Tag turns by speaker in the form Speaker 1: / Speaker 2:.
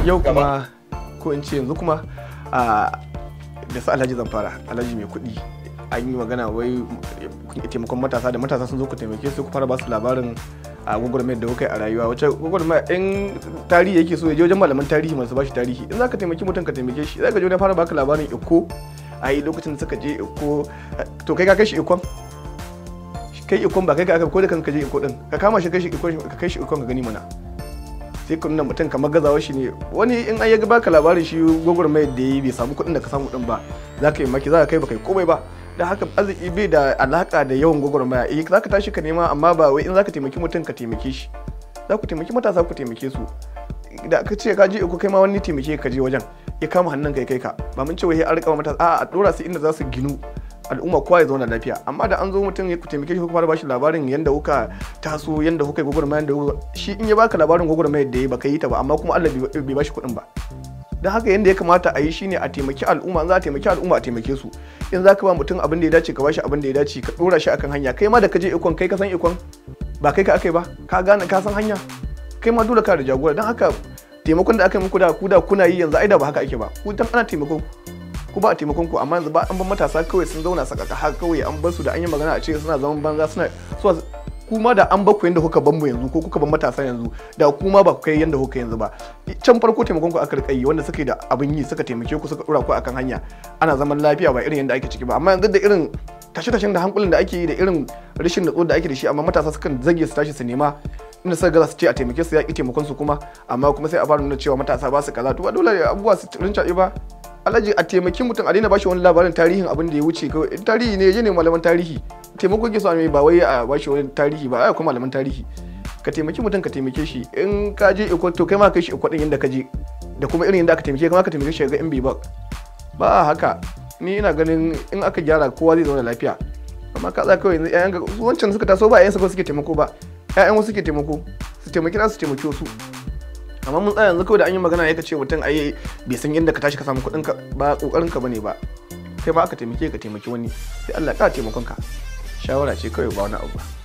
Speaker 1: yau kuma ko in ce yanzu kuma da su alhaji zamfara alhaji mai kuɗi an yi magana wai taimakon matasa da matasa sun zo ku taimake su ku fara ba su labarin a mai da kai a rayuwa wacce mai in tarihi yake so ya je wajen malaman tarihi masu bashi tarihi in zaka taimaki mutum ka taimake shi zaka je wajen fara baka labarin iko a yi lokacin da suka je iko to kai ka kai shi ikon kai ikon ba kai ka aka ko da kanka je iko din ka kama shi kai shi ikon ka kai shi ikon ka gani mana sai ka nuna mutum kamar gazawa shi ne wani in an yaga baka labarin shi mai da yi bai samu kuɗin da ka samu kuɗin ba za ka yi maki za ka kai baka yi komai ba da haka arziki bai da alaka da yawan mai eh za ka tashi ka nema amma ba wai in za ka taimaki mutum ka taimake shi za ku taimaki matasa ku taimake su da ka ce ka je ku kai ma wani taimake ka je wajen ya kama hannun kai kai ka ba mun ce wai har rika matasa a a dora su inda za su ginu al'umma kowa ya zauna lafiya amma da an zo mutum ya taimake shi kuma bashi labarin yanda kuka taso yanda kuka yi gwagwarmaya da shi in ya baka labarin gwagwarmaya da ya baka yi ta ba amma kuma Allah bai bashi kuɗin ba don haka yadda ya kamata a yi shine a taimaki al'umma za a taimaki al'umma a taimake su in za ka ba mutum abin da ya dace ka bashi abin da ya dace ka dora shi akan hanya kai ma da ka je ikon kai ka san ikon ba kai ka akai ba ka gane ka san hanya kai ma dole ka da jagora don haka taimakon da aka yi muku da ku da kuna yi yanzu ai da ba haka ake ba ku dan ana taimakon ku ba a taimakon ku amma yanzu ba an ban matasa kawai sun zauna sakaka har kawai an bar su da an yi magana a ce suna zaman banza suna su kuma da an baku yadda kuka banmu yanzu ko kuka ban matasa yanzu da kuma ba ku kai yadda kuka yanzu ba can farko taimakon ku aka rika yi wanda suka da abin yi suka taimake ku suka dora ku akan hanya ana zaman lafiya ba irin yadda ake ciki ba amma yanzu da irin tashe-tashen da hankulin da ake yi da irin rashin natsuwar da ake da shi amma matasa sukan zage su tashi su nema inda suka gaza su ce a taimake su ya ki taimakon su kuma amma kuma sai a fara nuna cewa matasa ba su kaza to ba dole abubuwa su rinca ba Alaji a taimaki mutum a daina bashi wani labarin tarihin abin da ya wuce kawai tarihi ne ya ne malaman tarihi taimako ke so a ba wai a bashi wani tarihi ba ai kuma malaman tarihi ka taimaki mutum ka taimake shi in ka je iko to kai ma kai shi iko din yanda ka je da kuma irin yanda aka taimake kai ma ka taimake shi ga in bai ba ba haka ni ina ganin in aka gyara kowa zai zauna lafiya amma ka za kawai yanzu ga wancan suka taso ba yayan suka suke taimako ba Ya'yan wasu suke taimako su taimaki na su taimaki wasu amma mun tsaya yanzu kawai da an yi magana ya ce mutum ai bai san inda ka tashi ka samu kuɗin ba kokarin ka bane ba kai ba aka taimake ka taimaki wani sai Allah ya ƙara taimakon ka shawara ce kawai ba wani abu ba